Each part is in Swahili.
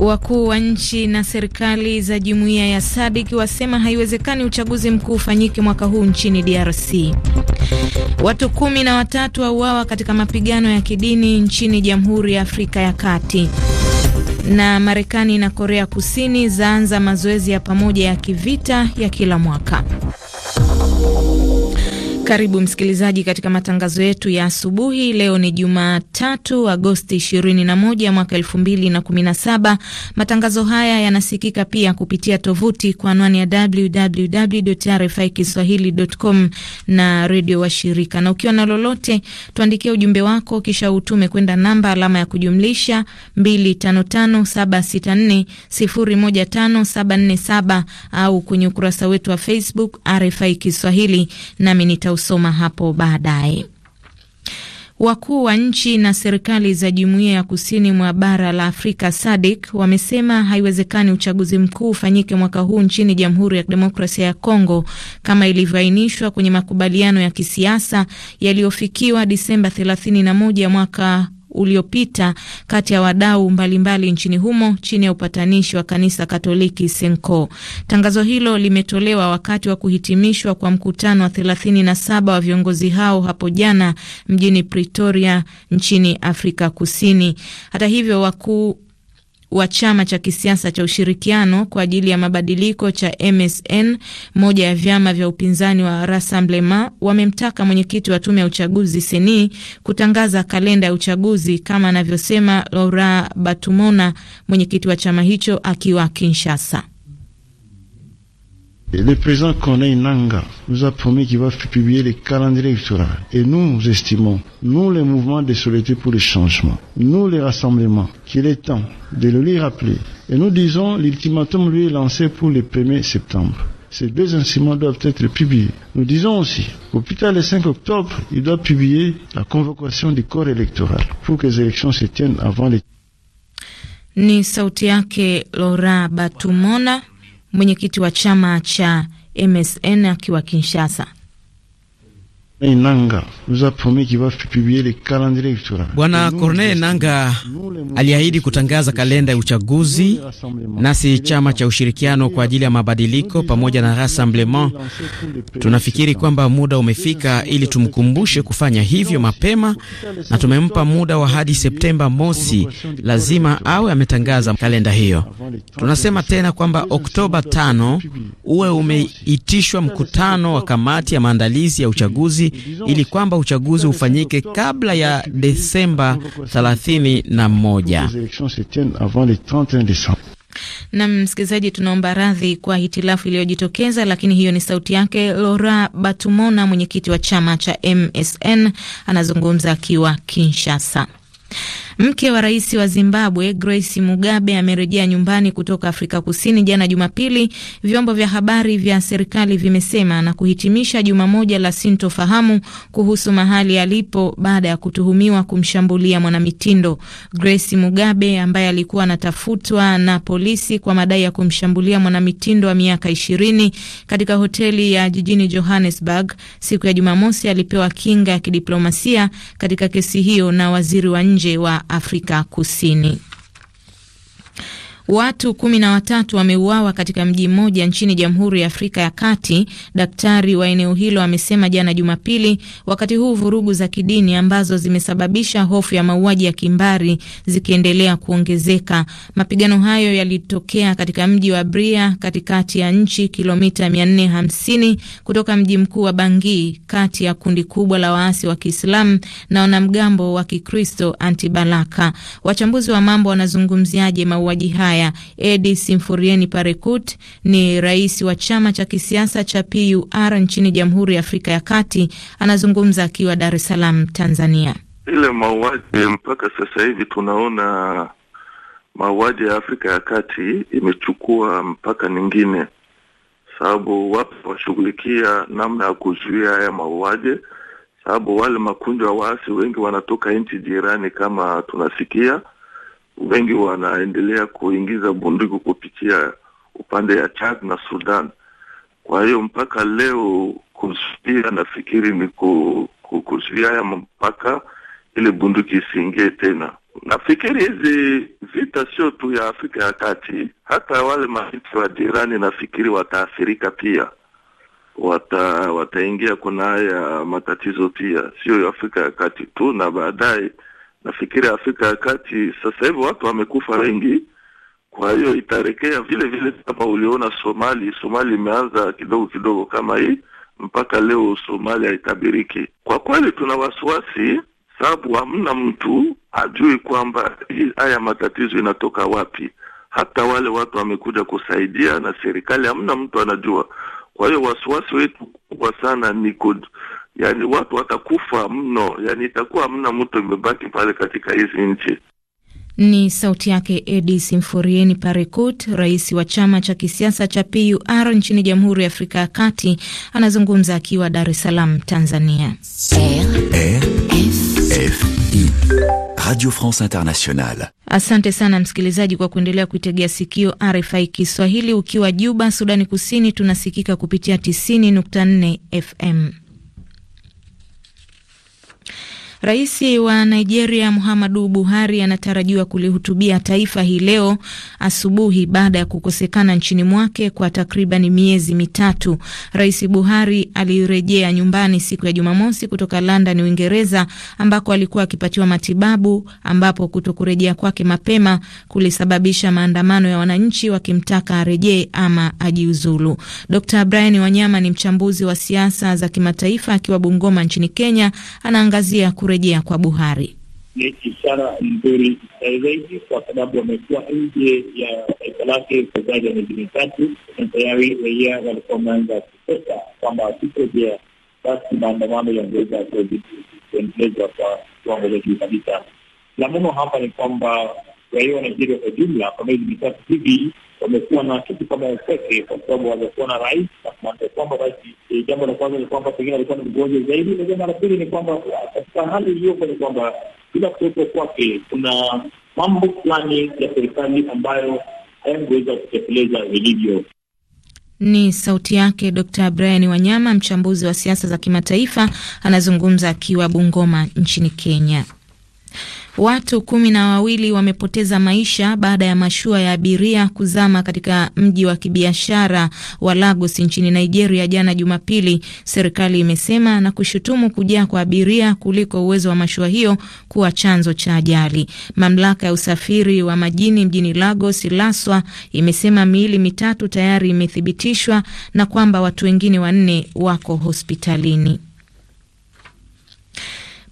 Wakuu wa nchi na serikali za jumuiya ya sadik wasema haiwezekani uchaguzi mkuu ufanyike mwaka huu nchini DRC. Watu kumi na watatu wauawa katika mapigano ya kidini nchini Jamhuri ya Afrika ya Kati. Na Marekani na Korea Kusini zaanza mazoezi ya pamoja ya kivita ya kila mwaka. Karibu msikilizaji katika matangazo yetu ya asubuhi. Leo ni Jumatatu, Agosti 21 mwaka 2017. Matangazo haya yanasikika pia kupitia tovuti kwa anwani ya www RFI kiswahilicom na redio washirika, na ukiwa na lolote tuandikia ujumbe wako kisha utume kwenda namba alama ya kujumlisha 255764015747 au kwenye ukurasa wetu wa Facebook RFI Kiswahili, nami nita nitausoma hapo baadaye. Wakuu wa nchi na serikali za jumuiya ya kusini mwa bara la Afrika SADC wamesema haiwezekani uchaguzi mkuu ufanyike mwaka huu nchini Jamhuri ya Kidemokrasia ya Kongo kama ilivyoainishwa kwenye makubaliano ya kisiasa yaliyofikiwa Disemba 31 mwaka uliopita kati ya wadau mbalimbali nchini humo chini ya upatanishi wa kanisa Katoliki Senko. Tangazo hilo limetolewa wakati wa kuhitimishwa kwa mkutano wa 37 wa viongozi hao hapo jana mjini Pretoria nchini Afrika Kusini. Hata hivyo, wakuu wa chama cha kisiasa cha ushirikiano kwa ajili ya mabadiliko cha MSN, moja ya vyama vya upinzani wa Rassemblement, wamemtaka mwenyekiti wa tume ya uchaguzi seni kutangaza kalenda ya uchaguzi kama anavyosema Laura Batumona, mwenyekiti wa chama hicho akiwa Kinshasa. Et le président Corneille Nanga nous a promis qu'il va publier les calendriers électoral. Et nous estimons, nous les mouvements de solidarité pour le changement, nous les rassemblements, qu'il est temps de le lui rappeler. Et nous disons, l'ultimatum lui est lancé pour le 1er septembre. Ces deux instruments doivent être publiés. Nous disons aussi qu'au plus tard le 5 octobre, il doit publier la convocation du corps électoral pour que les élections se tiennent avant les... Ni Laura Batumona mwenyekiti wa chama cha MSN akiwa Kinshasa. Bwana Corneille Nanga aliahidi kutangaza kalenda ya uchaguzi, nasi chama cha ushirikiano kwa ajili ya mabadiliko pamoja na Rassemblement tunafikiri kwamba muda umefika ili tumkumbushe kufanya hivyo mapema, na tumempa muda wa hadi Septemba mosi, lazima awe ametangaza kalenda hiyo. Tunasema tena kwamba Oktoba tano uwe umeitishwa mkutano wa kamati ya maandalizi ya uchaguzi ili kwamba uchaguzi ufanyike kabla ya Desemba 31. Na msikilizaji, tunaomba radhi kwa hitilafu iliyojitokeza, lakini hiyo ni sauti yake Laura Batumona, mwenyekiti wa chama cha MSN, anazungumza akiwa Kinshasa. Mke wa rais wa Zimbabwe Grace Mugabe amerejea nyumbani kutoka Afrika Kusini jana Jumapili, vyombo vya habari vya serikali vimesema, na kuhitimisha juma moja la sintofahamu kuhusu mahali alipo baada ya kutuhumiwa kumshambulia mwanamitindo. Grace Mugabe ambaye alikuwa anatafutwa na polisi kwa madai ya kumshambulia mwanamitindo wa miaka ishirini katika hoteli ya jijini Johannesburg siku ya Jumamosi alipewa kinga ya kidiplomasia katika kesi hiyo na waziri wa nje wa Afrika Kusini. Watu kumi na watatu wameuawa katika mji mmoja nchini Jamhuri ya Afrika ya Kati, daktari wa eneo hilo amesema jana Jumapili, wakati huu vurugu za kidini ambazo zimesababisha hofu ya mauaji ya kimbari zikiendelea kuongezeka. Mapigano hayo yalitokea katika mji wa Bria katikati ya nchi, kilomita 450 kutoka mji mkuu wa Bangui, kati ya kundi kubwa la waasi wa Kiislamu na wanamgambo wa Kikristo Antibalaka. Wachambuzi wa mambo wanazungumziaje mauaji haya? Ulaya. Edi Simfurieni Parekut ni rais wa chama cha kisiasa cha PUR nchini Jamhuri ya Afrika ya Kati, anazungumza akiwa Dar es Salaam, Tanzania. Ile mauaji mpaka sasa hivi tunaona mauaji ya Afrika ya Kati imechukua mpaka nyingine, sababu wapo washughulikia namna ya kuzuia haya mauaji, sababu wale makundi wa waasi wengi wanatoka nchi jirani, kama tunasikia wengi wanaendelea kuingiza bunduki kupitia upande ya Chad na Sudan. Kwa hiyo mpaka leo kuzuia, nafikiri ni kuzuia haya mpaka ile bunduki isiingie tena. Nafikiri hizi vita sio tu ya Afrika ya Kati, hata wale maiti wa jirani nafikiri wataathirika pia, wata- wataingia kuna haya matatizo pia, sio Afrika ya Kati tu, na baadaye nafikiri Afrika ya Kati sasa hivi watu wamekufa wengi, kwa hiyo itarekea vile vile kama uliona Somali. Somali imeanza kidogo kidogo kama hii, mpaka leo Somali haitabiriki. Kwa kweli tuna wasiwasi, sababu hamna mtu ajui kwamba haya matatizo inatoka wapi. Hata wale watu wamekuja kusaidia na serikali, hamna mtu anajua. Kwa hiyo wasiwasi wetu kubwa sana ni yani watu watakufa mno, yani itakuwa hamna mtu imebaki pale katika hizi nchi. Ni sauti yake Edi Simforieni Parekut, rais wa chama cha kisiasa cha PUR nchini Jamhuri ya Afrika ya Kati, anazungumza akiwa Dar es Salaam, Tanzania. RFI, Radio France Internationale. Asante sana msikilizaji kwa kuendelea kuitegea sikio RFI Kiswahili. Ukiwa Juba, Sudani Kusini, tunasikika kupitia 90.4 FM. Rais wa Nigeria Muhammadu Buhari anatarajiwa kulihutubia taifa hii leo asubuhi baada ya kukosekana nchini mwake kwa takriban miezi mitatu. Rais Buhari alirejea nyumbani siku ya Jumamosi kutoka London, Uingereza, ambako alikuwa akipatiwa matibabu, ambapo kuto kurejea kwake mapema kulisababisha maandamano ya wananchi wakimtaka arejee ama ajiuzulu. Dr Brian Wanyama ni mchambuzi wa siasa za kimataifa akiwa Bungoma nchini Kenya, anaangazia kurejea kwa Buhari? Ni ishara nzuri zaidi kwa sababu wamekuwa nje ya taifa lake kwa zaidi ya miezi mitatu, na tayari raia walikuwa wameanza kukosa kwamba wakirejea basi maandamano yangeweza kuendelezwa kwa kiwango cha juu kabisa. La muhimu hapa ni kwamba raia wa Nigeria kwa jumla kwa miezi mitatu hivi wamekuwa na kitu kama upweke, kwa sababu wamekuwa na rais na kumaanisha kwamba basi, eh, jambo la kwanza ni kwamba pengine alikuwa na mgonjwa zaidi, na jambo la pili ni kwamba katika hali iliyoko ni kwamba bila kuwepo kwake, kuna mambo fulani ya serikali ambayo hayangeweza kutekeleza vilivyo. Ni sauti yake Dr Brian Wanyama, mchambuzi wa siasa za kimataifa, anazungumza akiwa Bungoma nchini Kenya. Watu kumi na wawili wamepoteza maisha baada ya mashua ya abiria kuzama katika mji wa kibiashara wa Lagos nchini Nigeria jana Jumapili, serikali imesema na kushutumu kujaa kwa abiria kuliko uwezo wa mashua hiyo kuwa chanzo cha ajali. Mamlaka ya usafiri wa majini mjini Lagos LASWA imesema miili mitatu tayari imethibitishwa na kwamba watu wengine wanne wako hospitalini.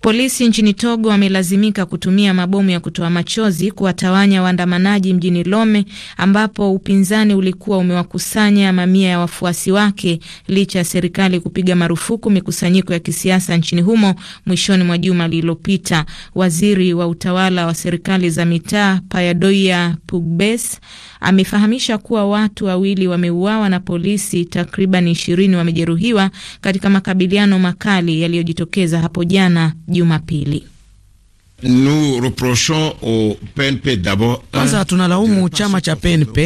Polisi nchini Togo wamelazimika kutumia mabomu ya kutoa machozi kuwatawanya waandamanaji mjini Lome, ambapo upinzani ulikuwa umewakusanya mamia ya wafuasi wake licha ya serikali kupiga marufuku mikusanyiko ya kisiasa nchini humo mwishoni mwa juma lililopita. Waziri wa utawala wa serikali za mitaa Payadoia Pugbes amefahamisha kuwa watu wawili wameuawa na polisi takriban ishirini wamejeruhiwa katika makabiliano makali yaliyojitokeza hapo jana Jumapili. Nous reprochons au PNP d'abord. Kwanza tunalaumu chama cha PNP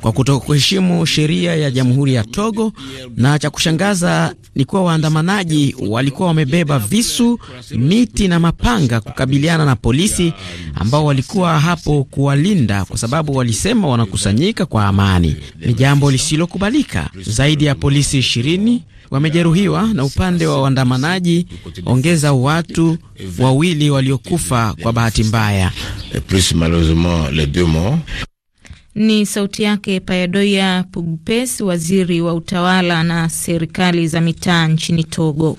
kwa kutokuheshimu sheria ya Jamhuri ya Togo, na cha kushangaza ni kuwa waandamanaji walikuwa wamebeba visu, miti na mapanga kukabiliana na polisi ambao walikuwa hapo kuwalinda, kwa sababu walisema wanakusanyika kwa amani. Ni jambo lisilokubalika. Zaidi ya polisi ishirini wamejeruhiwa na upande wa waandamanaji ongeza watu wawili waliokufa kwa bahati mbaya. Ni sauti yake Payadoya Pugpes, waziri wa utawala na serikali za mitaa nchini Togo.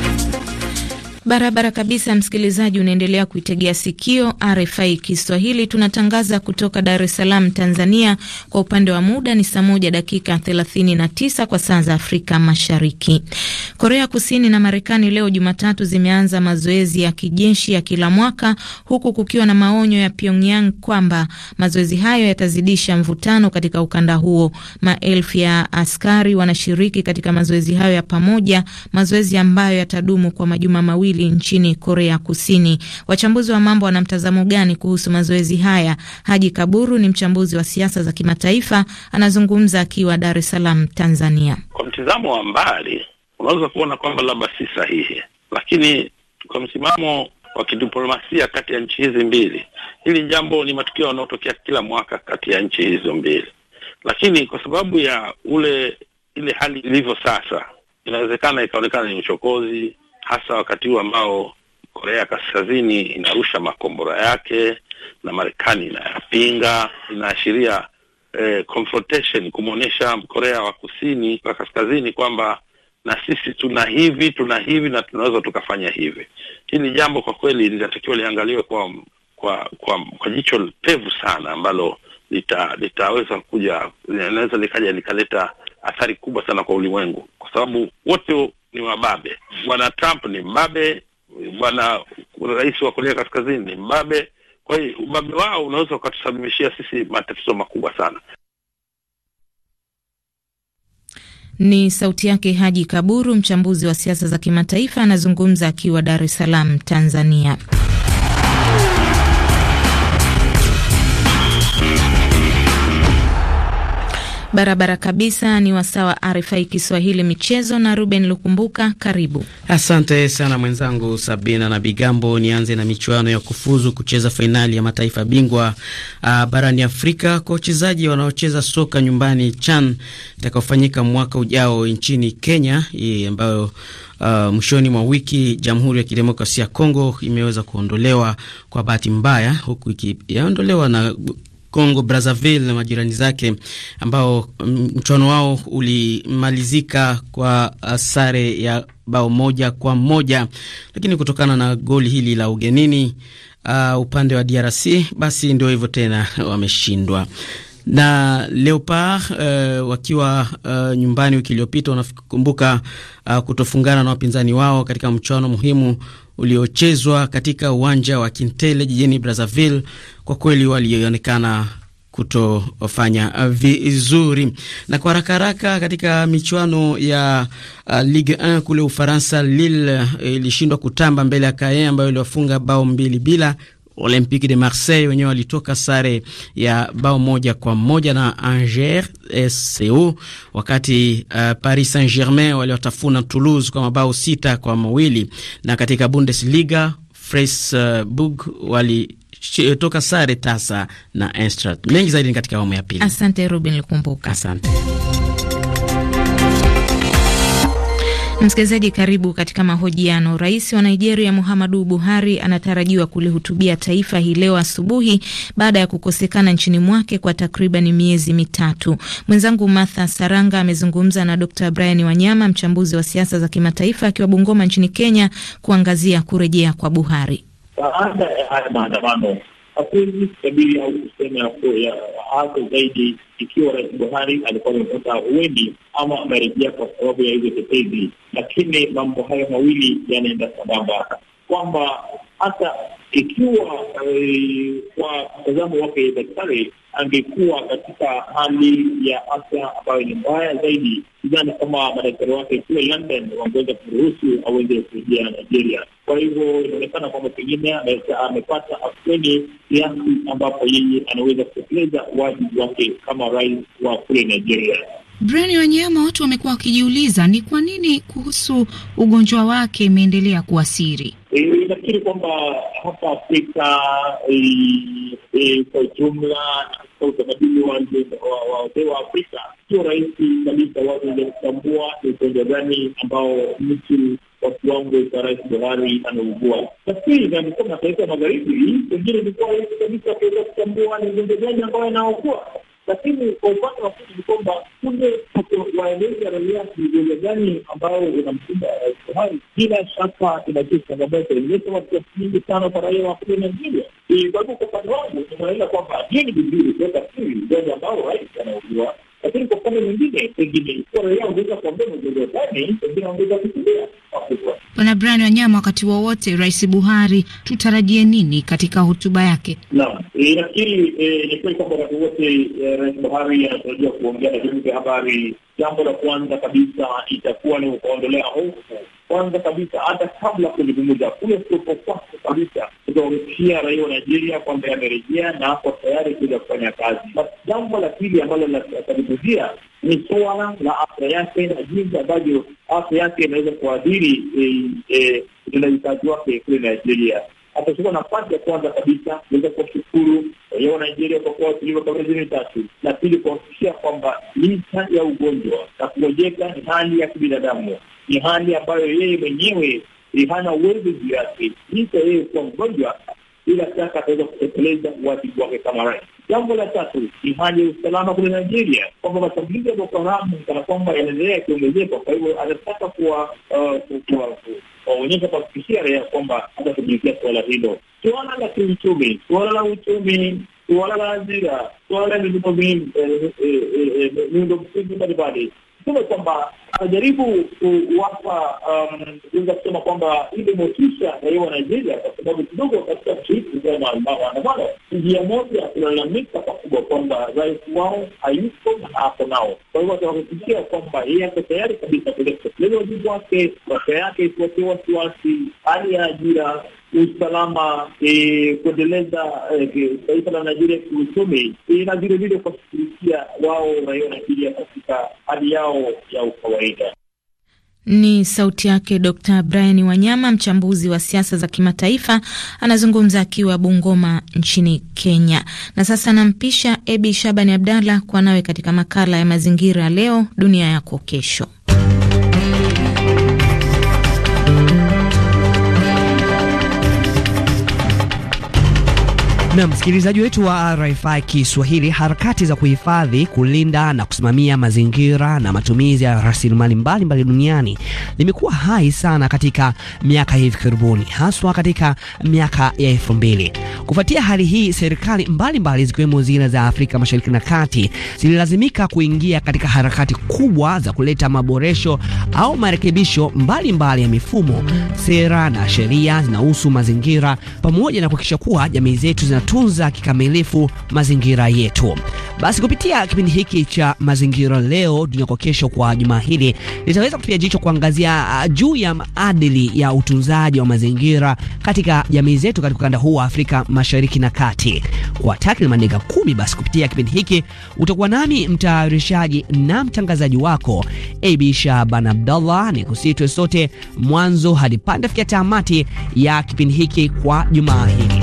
Barabara kabisa, msikilizaji, unaendelea kuitegea sikio RFI Kiswahili. Tunatangaza kutoka Dar es Salaam, Tanzania. Kwa upande wa muda ni saa moja dakika 39 kwa saa za Afrika Mashariki. Korea Kusini na Marekani leo Jumatatu zimeanza mazoezi ya kijeshi ya kila mwaka, huku kukiwa na maonyo ya Pyongyang kwamba mazoezi hayo yatazidisha mvutano katika ukanda huo. Maelfu ya askari wanashiriki katika mazoezi hayo ya pamoja, mazoezi ambayo yatadumu kwa majuma mawili mbili nchini Korea Kusini. Wachambuzi wa mambo wana mtazamo gani kuhusu mazoezi haya? Haji Kaburu ni mchambuzi wa siasa za kimataifa, anazungumza akiwa Dar es Salaam, Tanzania. Kwa mtizamo wa mbali unaweza kuona kwamba labda si sahihi, lakini kwa msimamo wa kidiplomasia kati ya nchi hizi mbili, hili jambo ni matukio yanayotokea kila mwaka kati ya nchi hizo mbili, lakini kwa sababu ya ule ile hali ilivyo sasa, inawezekana ikaonekana ni uchokozi hasa wakati huu ambao Korea Kaskazini inarusha makombora yake na Marekani inayapinga. Inaashiria eh, confrontation, kumwonyesha Korea wa kusini wa kaskazini kwamba na sisi tuna hivi tuna hivi na tunaweza tukafanya hivi. Hili jambo kwa kweli linatakiwa liangaliwe kwa kwa kwa, kwa jicho pevu sana, ambalo lita, litaweza kuja linaweza likaja likaleta athari kubwa sana kwa ulimwengu, kwa sababu wote ni wababe Bwana Trump ni mbabe, bwana rais wa Korea Kaskazini ni mbabe. Kwa hiyo ubabe wao unaweza ukatusababishia sisi matatizo makubwa sana. Ni sauti yake Haji Kaburu, mchambuzi wa siasa za kimataifa, anazungumza akiwa Dar es Salaam, Tanzania. barabara kabisa. Ni wasawa RFI Kiswahili michezo na Ruben Lukumbuka, karibu. Asante sana mwenzangu Sabina na Bigambo. Nianze na michuano ya kufuzu kucheza fainali ya mataifa bingwa uh, barani Afrika kwa wachezaji wanaocheza soka nyumbani CHAN itakaofanyika mwaka ujao nchini Kenya hii ambayo Uh, mwishoni mwa wiki Jamhuri ya Kidemokrasia ya Kongo imeweza kuondolewa kwa bahati mbaya, huku ikiondolewa na Congo Brazzaville na majirani zake ambao mm, mchuano wao ulimalizika kwa uh, sare ya bao moja kwa moja, lakini kutokana na goli hili la ugenini uh, upande wa DRC basi ndio hivyo tena wameshindwa na Leopard uh, wakiwa uh, nyumbani wiki iliyopita, unakumbuka uh, kutofungana na wapinzani wao katika mchuano muhimu uliochezwa katika uwanja wa Kintele jijini Brazzaville, kwa kweli walionekana kutofanya vizuri. Na kwa haraka haraka, katika michuano ya uh, Ligue 1 kule Ufaransa, Lille eh, ilishindwa kutamba mbele ya Caen ambayo iliwafunga bao mbili bila Olympique de Marseille wenyewe walitoka sare ya bao moja kwa moja na Angers SCO, wakati uh, Paris Saint-Germain waliwatafuna Toulouse kwa mabao sita kwa mawili. Na katika Bundesliga Freiburg wali toka sare tasa na Eintracht. Mengi zaidi ni katika awamu ya pili. Asante Ruben Lukumbuka. Asante. Msikilizaji, karibu katika mahojiano. Rais wa Nigeria Muhammadu Buhari anatarajiwa kulihutubia taifa hii leo asubuhi baada ya kukosekana nchini mwake kwa takriban miezi mitatu. Mwenzangu Martha Saranga amezungumza na Dr Brian Wanyama, mchambuzi wa siasa za kimataifa, akiwa Bungoma nchini Kenya, kuangazia kurejea kwa Buhari baada ya haya maandamano hakuwezi kutabiri au kusema hasa zaidi ikiwa Rais Buhari alikuwa amepata uwendi ama amerejea kwa sababu ya hizo tetezi, lakini mambo hayo mawili yanaenda sambamba kwamba hata ikiwa eh, kwa mtazamo wake daktari angekuwa katika hali ya afya ambayo ni mbaya zaidi, sidhani kama madaktari wake kule London wangeweza kuruhusu aweze kurejea Nigeria. Kwa hivyo inaonekana kwamba pengine amepata afueni kiasi ambapo yeye anaweza kutekeleza wajibu wake kama rais wa kule Nigeria. Brian Wanyama, watu wamekuwa wakijiuliza ni kwa nini kuhusu ugonjwa wake imeendelea kuwa siri. E, kwamba hapa Afrika e, e, kwa ujumla katika utamaduni wa wazee wa Afrika sio rahisi kabisa wazi wenye kutambua ni ugonjwa gani ambao mtu kwa kiwango cha Rais Buhari anaugua. Nafikiri na mataifa magharibi pengine ilikuwa rahisi kabisa kuweza kutambua ni ugonjwa gani ambayo anaougua, lakini kwa upande wa pili ni kwamba kule waeleza raia ni ugonjwa gani ambao unamkumba Rais Buhari, bila shaka inatia changamoto, inaleta wasiwasi nyingi sana kwa raia wa kule Nigeria. Kwa hivyo kwa upande wangu inaeleza kwamba hii ni vizuri kuweka siri ugonjwa ambao rais anaugua lakini kwa upande mwingine, pengine raia wangeweza kuambia pengine wangeweza Bwana Brian Wanyama, wakati wowote Rais Buhari tutarajie nini katika hotuba yake? Naam, eh, nafikiri eh, ni kweli kwamba wakati wote eh, Rais Buhari anatarajia kuongea na vyombo vya habari. Jambo la kwanza kabisa itakuwa ni kuondolea hofu kwanza kabisa, hata kabla kulizungumza kule kuwepo kwake kabisa kutamkia raia wa Nigeria kwamba yamerejea na ako tayari kuja kufanya kazi. jambo la pili ambalo linazungumzia ni suala la afya yake na jinsi ambavyo afya yake inaweza kuadhiri e, e, utendajikazi wake kule Nigeria. Atachukua nafasi ya kwanza kabisa kuweza kuwashukuru raia wa Nigeria kwa kuwa watulivu kwa miezi mitatu, na pili kuhakikishia kwamba licha ya ugonjwa na kurejeka ni hali ya kibinadamu ni hali ambayo yeye mwenyewe hana uwezo juu yake, licha yeye kuwa mgonjwa, bila shaka ataweza kutekeleza wajibu wake kama rais. Jambo la tatu ni hali ya usalama kule Nigeria, kwamba mashambulizi ya Boko Haram kana kwamba yanaendelea yakiongezekwa. Kwa hivyo anataka kuwaonyesha, uh, kwa kuhakikishia raia kwamba atashughulikia suala hilo. Suala la kiuchumi, suala la uchumi, suala la ajira, suala la miundo eh, eh, eh, msingi mbalimbali kusema kwamba anajaribu kuwapa kuweza um, kusema kwamba ile motisha ya hiyo Nigeria, kwa sababu kidogo katika kushiriki za maandamano, njia moja kulalamika pakubwa kwamba rais wao hayuko na hapo nao. Kwa hivyo watawakikishia kwamba yeye ako tayari kabisa kuweza kutekeleza wajibu wake, maisha yake isiwatie wasiwasi, hali ya ajira usalama e, kuendeleza e, taifa la Nigeria kiuchumi e, na vilevile kuwashughulikia wao raia wa Nigeria katika hali yao ya ukawaida. Ni sauti yake Dr Brian Wanyama, mchambuzi wa siasa za kimataifa, anazungumza akiwa Bungoma nchini Kenya. Na sasa nampisha Ebi Shabani Abdalla kwa nawe katika makala ya mazingira, leo dunia yako kesho. Na msikilizaji wetu wa RFI Kiswahili, harakati za kuhifadhi, kulinda na kusimamia mazingira na matumizi ya rasilimali mbalimbali duniani limekuwa hai sana katika miaka hivi karibuni, haswa katika miaka ya elfu mbili. Kufuatia hali hii, serikali mbalimbali zikiwemo zile za Afrika Mashariki na Kati zililazimika kuingia katika harakati kubwa za kuleta maboresho au marekebisho mbalimbali mbali ya mifumo, sera na sheria zinahusu mazingira pamoja na kuhakikisha kuwa jamii zetu zina tunatunza kikamilifu mazingira yetu. Basi kupitia kipindi hiki cha mazingira leo dunia kwa kesho, kwa juma hili nitaweza kutupia jicho kuangazia uh, juu ya maadili ya utunzaji wa mazingira katika jamii zetu katika ukanda huu wa Afrika Mashariki na Kati kwa takriban dakika kumi. Basi kupitia kipindi hiki utakuwa nami mtayarishaji na mtangazaji wako Abi Shaban Abdallah, ni kusitwe sote mwanzo hadi pande fikia tamati ya kipindi hiki kwa jumaa hili.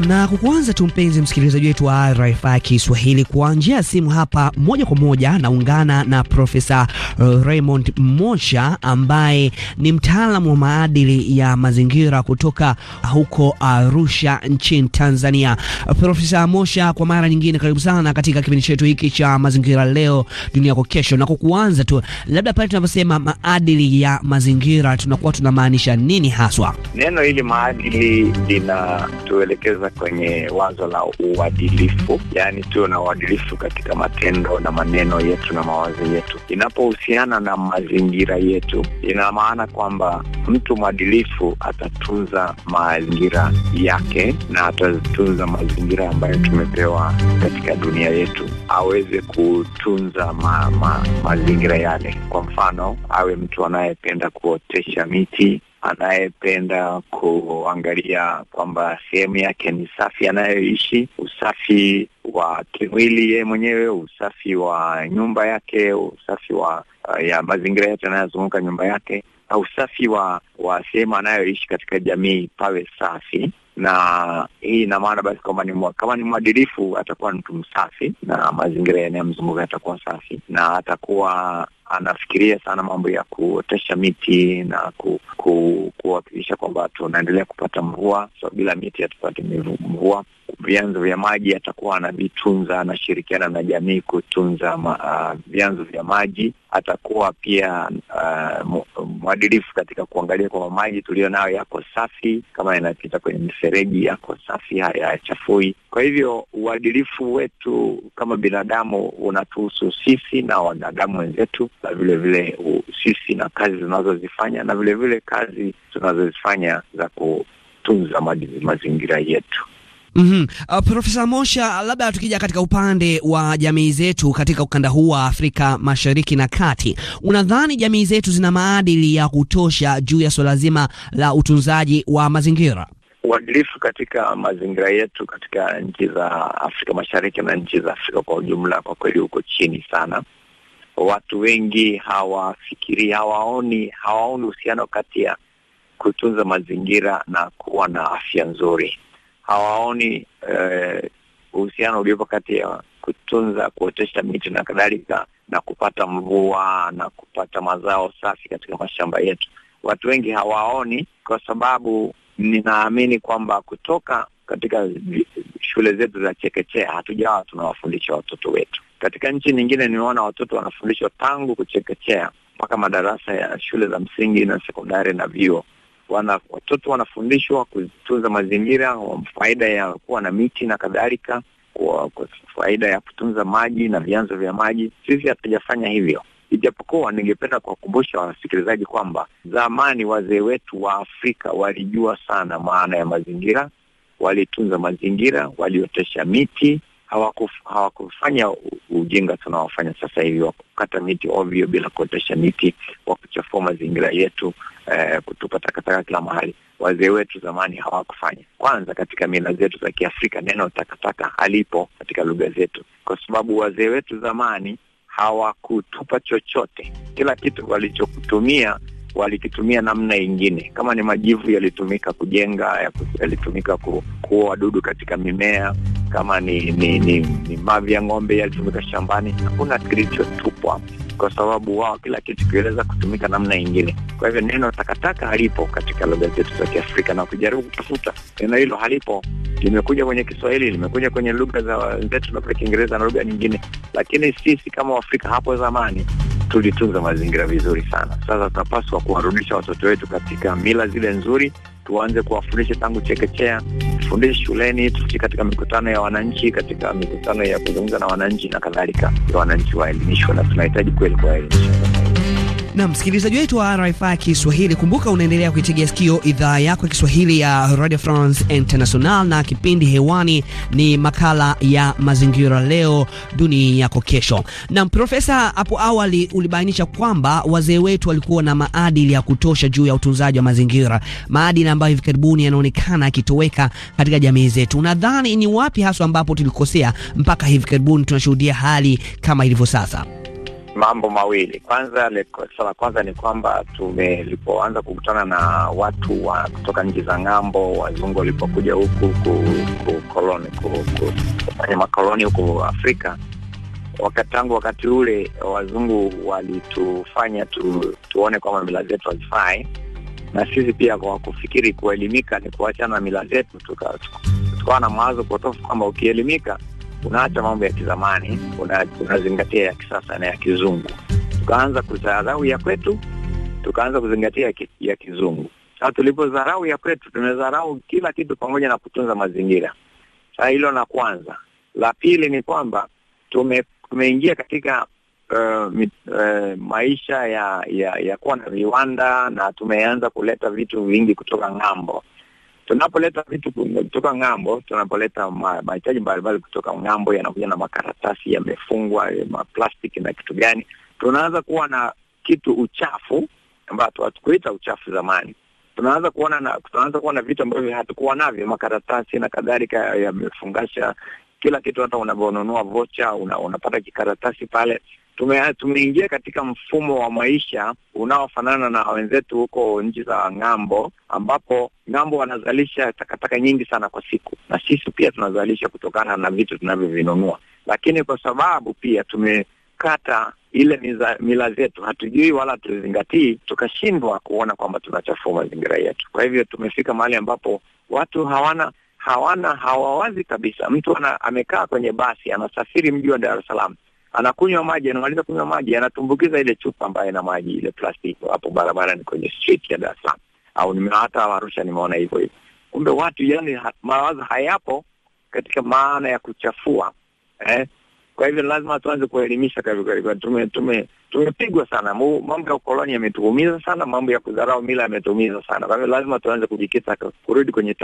namna kwa kwanza tu, mpenzi msikilizaji wetu wa RFI Kiswahili, kwa njia ya simu hapa moja kwa moja naungana na Profesa uh, Raymond mosha ambaye ni mtaalamu wa maadili ya mazingira kutoka huko Arusha nchini Tanzania. Profesa mosha kwa mara nyingine karibu sana katika kipindi chetu hiki cha mazingira leo dunia yako kesho. Na kwa kuanza tu, labda pale tunaposema maadili ya mazingira tunakuwa tunamaanisha nini haswa? Neno hili maadili linatuelekeza kwanza kwenye wazo la uadilifu, yaani tuwe na uadilifu katika matendo na maneno yetu na mawazo yetu. Inapohusiana na mazingira yetu, ina maana kwamba mtu mwadilifu atatunza mazingira yake na atatunza mazingira ambayo tumepewa katika dunia yetu, aweze kutunza ma, ma, mazingira yale. Kwa mfano, awe mtu anayependa kuotesha miti anayependa kuangalia kwamba sehemu yake ni safi anayoishi, usafi wa kimwili yeye mwenyewe, usafi wa nyumba yake, usafi wa uh, ya mazingira yote anayozunguka nyumba yake, na usafi wa wa sehemu anayoishi katika jamii pawe safi na hii ina maana basi kwamba ni kama ni mwadilifu, atakuwa mtu msafi na mazingira yanayomzunguka yatakuwa safi, na atakuwa anafikiria sana mambo ya kuotesha miti na ku, ku, kuhakikisha kwamba tunaendelea kupata mvua, so bila miti hatupati mvua vyanzo vya maji atakuwa anavitunza, anashirikiana na jamii kutunza ma, uh, vyanzo vya maji. Atakuwa pia uh, mwadilifu katika kuangalia kwamba maji tuliyo nayo yako safi, kama yanapita kwenye mifereji yako safi, hayachafui. Kwa hivyo uadilifu wetu kama binadamu unatuhusu sisi na wanadamu wenzetu, na vilevile sisi na kazi tunazozifanya, na vilevile vile kazi tunazozifanya za kutunza mazingira yetu. Mm -hmm. Uh, Profesa Mosha, labda tukija katika upande wa jamii zetu katika ukanda huu wa Afrika Mashariki na Kati, unadhani jamii zetu zina maadili ya kutosha juu ya swala zima la utunzaji wa mazingira? Uadilifu katika mazingira yetu katika nchi za Afrika Mashariki na nchi za Afrika kwa ujumla, kwa kweli uko chini sana. Watu wengi hawafikiri, hawaoni, hawaoni uhusiano kati ya kutunza mazingira na kuwa na afya nzuri hawaoni eh, uhusiano uliopo kati ya kutunza, kuotesha miti na kadhalika, na kupata mvua na kupata mazao safi katika mashamba yetu. Watu wengi hawaoni, kwa sababu ninaamini kwamba kutoka katika shule zetu za chekechea hatujawa tunawafundisha watoto wetu. Katika nchi nyingine nimeona watoto wanafundishwa tangu kuchekechea mpaka madarasa ya shule za msingi na sekondari na vyuo wana, watoto wanafundishwa kutunza mazingira, faida ya kuwa na miti na kadhalika, kwa, kwa faida ya kutunza maji na vyanzo vya maji. Sisi hatujafanya hivyo, ijapokuwa ningependa kuwakumbusha wasikilizaji kwamba zamani wazee wetu wa Afrika walijua sana maana ya mazingira, walitunza mazingira, waliotesha miti hawakufanya ujinga tunaofanya sasa hivi wa kukata miti ovyo bila kuotesha miti, wa kuchafua mazingira yetu eh, kutupa takataka kila mahali. Wazee wetu zamani hawakufanya. Kwanza, katika mila zetu za Kiafrika neno takataka halipo katika lugha zetu, kwa sababu wazee wetu zamani hawakutupa chochote. Kila kitu walichokutumia walikitumia namna ingine. Kama ni majivu yalitumika kujenga, yalitumika kuua wadudu katika mimea. Kama ni, ni, ni, ni mavi ya ng'ombe yalitumika shambani. Hakuna kilichotupwa kwa sababu wao kila kitu kiweza kutumika namna nyingine Kwa hivyo neno takataka halipo katika lugha zetu za Kiafrika, na kujaribu kutafuta neno hilo halipo. Limekuja kwenye Kiswahili, limekuja kwenye lugha za wenzetu na Kiingereza na lugha nyingine, lakini sisi kama Waafrika hapo zamani tulitunza mazingira vizuri sana. Sasa tunapaswa kuwarudisha watoto wetu katika mila zile nzuri tuanze kuwafundisha tangu chekechea, tufundishe shuleni, tufike katika mikutano ya wananchi, katika mikutano ya kuzungumza na wananchi na kadhalika, wananchi waelimishwe, na tunahitaji kweli kuwaelimisha. Na msikilizaji wetu wa RFI Kiswahili, kumbuka unaendelea kuitegea sikio idhaa yako ya Kiswahili ya Radio France International, na kipindi hewani ni makala ya mazingira, leo dunia yako kesho. Na Profesa, hapo awali ulibainisha kwamba wazee wetu walikuwa na maadili ya kutosha juu ya utunzaji wa mazingira, maadili ambayo hivi karibuni yanaonekana yakitoweka katika jamii zetu. Unadhani ni wapi haswa ambapo tulikosea mpaka hivi karibuni tunashuhudia hali kama ilivyo sasa? mambo mawili. Kwanza, suala la kwanza ni kwamba tulipoanza kukutana na watu wa kutoka nchi za ng'ambo, wazungu walipokuja huku kukoloni kufanya makoloni huku Afrika wakati tangu wakati ule wazungu walitufanya tu, tuone kwamba mila zetu hazifai, na sisi pia kwa kufikiri kuelimika ni kuachana na mila zetu, tukawa tuka na mawazo potofu kwamba ukielimika unaacha mambo ya kizamani, unazingatia una ya kisasa na ya kizungu. Tukaanza kudharau ya kwetu, tukaanza kuzingatia ki, ya kizungu. Sasa tulipodharau ya kwetu, tumedharau kila kitu pamoja na kutunza mazingira. Sasa hilo la kwanza. La pili ni kwamba tume, tumeingia katika Uh, eh, mit, uh, eh, maisha ya ya ya kuwa na viwanda na tumeanza kuleta vitu vingi kutoka ng'ambo tunapoleta vitu kutoka ng'ambo, tunapoleta mahitaji mbalimbali kutoka ng'ambo, yanakuja na makaratasi yamefungwa, maplastiki na kitu gani, tunaanza kuwa na kitu uchafu ambacho hatukuita uchafu zamani. Tunaanza kuona na tunaanza kuona vitu ambavyo hatukuwa navyo, makaratasi na kadhalika yamefungasha kila kitu. Hata unavyonunua vocha una, unapata kikaratasi pale tume, tumeingia katika mfumo wa maisha unaofanana na wenzetu huko nchi za ng'ambo, ambapo ng'ambo wanazalisha takataka nyingi sana kwa siku, na sisi pia tunazalisha kutokana na vitu tunavyovinunua, lakini kwa sababu pia tumekata ile miza, mila zetu hatujui wala hatuzingatii, tukashindwa kuona kwamba tunachafua mazingira yetu. Kwa hivyo tumefika mahali ambapo watu hawana hawana hawawazi kabisa. Mtu ana, amekaa kwenye basi anasafiri mji wa Dar es Salaam anakunywa maji, anamaliza kunywa maji, anatumbukiza ile chupa ambayo ina maji, ile plastiki, hapo barabarani kwenye street ya Dar es Salaam, au hata Arusha nimeona hivyo hivyo. Kumbe watu yani, mawazo hayapo katika maana ya kuchafua eh, kwa hivyo lazima tuanze kuelimisha katika tume, tume, tumepigwa sana. Mambo ya ukoloni yametuumiza sana, mambo ya kudharau mila yametuumiza sana. Kwa hivyo lazima tuanze kujikita kurudi kwenye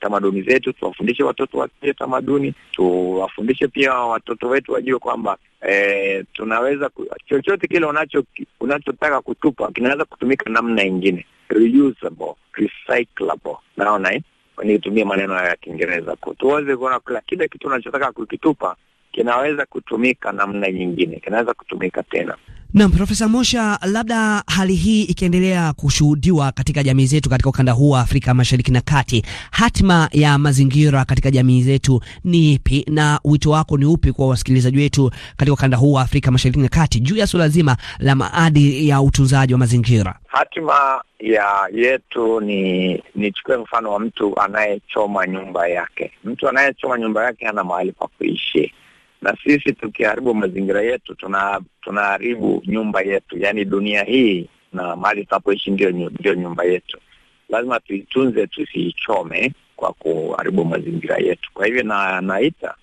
tamaduni zetu, tuwafundishe watoto wa tamaduni, tuwafundishe pia watoto wetu wajue kwamba e, tunaweza chochote kile unacho unachotaka kutupa kinaweza kutumika namna ingine, reusable, recyclable. Naona eh, nitumie maneno ya Kiingereza, tuweze kuona kila kile kitu unachotaka kukitupa kinaweza kutumika namna nyingine, kinaweza kutumika tena. Naam, Profesa Mosha, labda hali hii ikiendelea kushuhudiwa katika jamii zetu katika ukanda huu wa Afrika Mashariki na Kati, hatima ya mazingira katika jamii zetu ni ipi, na wito wako ni upi kwa wasikilizaji wetu katika ukanda huu wa Afrika Mashariki na Kati juu ya suala zima la maadili ya utunzaji wa mazingira? Hatima ya yetu ni nichukue mfano wa mtu anayechoma nyumba yake. Mtu anayechoma nyumba yake ana mahali pa kuishi na sisi tukiharibu mazingira yetu tuna tunaharibu nyumba yetu, yaani dunia hii na mali tunapoishi ndio ndio nyumba yetu. Lazima tuitunze, tusiichome kwa kuharibu mazingira yetu. Kwa hivyo na naita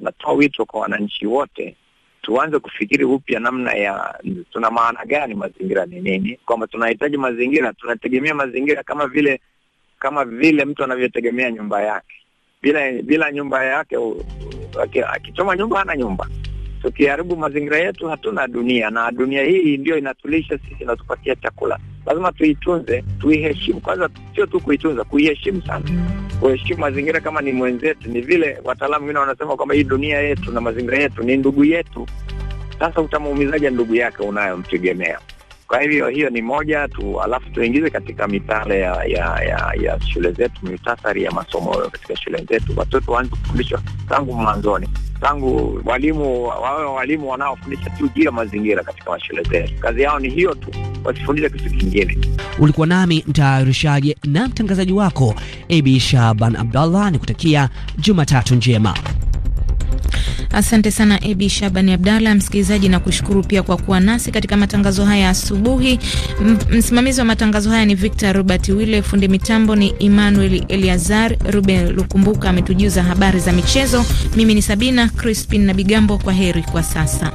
natoa wito kwa wananchi wote tuanze kufikiri upya namna ya tuna maana gani mazingira ni nini, kwamba tunahitaji mazingira, tunategemea mazingira kama vile kama vile mtu anavyotegemea nyumba yake bila bila nyumba yake, akichoma nyumba hana nyumba. Tukiharibu mazingira yetu, hatuna dunia, na dunia hii ndio inatulisha sisi, inatupatia chakula. Lazima tuitunze, tuiheshimu kwanza, sio tu kuitunza, kuiheshimu sana, kuheshimu mazingira kama ni mwenzetu. Ni vile wataalamu wengine wanasema kwamba hii dunia yetu na mazingira yetu ni ndugu yetu. Sasa utamuumizaje ndugu yake unayomtegemea? Kwa hivyo hiyo ni moja tu, alafu tuingize katika mitaala ya, ya, ya, ya shule zetu, mitasari ya masomo katika shule zetu, watoto waanze kufundishwa tangu mwanzoni tangu walimu wawe walimu wanaofundisha tu juu ya mazingira katika shule zetu. Kazi yao ni hiyo tu, wasifundishe kitu kingine. Ulikuwa nami mtayarishaji na mtangazaji wako Abi Shaban Abdallah, kutakia Jumatatu njema. Asante sana Ebi Shabani Abdalla. Msikilizaji na kushukuru pia kwa kuwa nasi katika matangazo haya asubuhi. Msimamizi wa matangazo haya ni Victor Robert Wille, fundi mitambo ni Emmanuel Eliazar, Ruben Lukumbuka ametujuza habari za michezo. Mimi ni Sabina Crispin na Bigambo, kwa heri kwa sasa.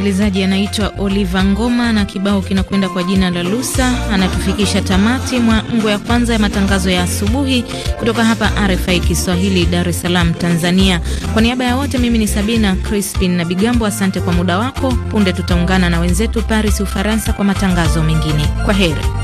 msikilizaji anaitwa Oliver Ngoma na kibao kinakwenda kwa jina la Lusa. Anatufikisha tamati mwa ngo ya kwanza ya matangazo ya asubuhi kutoka hapa RFI Kiswahili, Dar es Salaam, Tanzania. Kwa niaba ya wote, mimi ni Sabina Crispin na Bigambo, asante kwa muda wako. Punde tutaungana na wenzetu Paris, Ufaransa, kwa matangazo mengine. Kwa heri.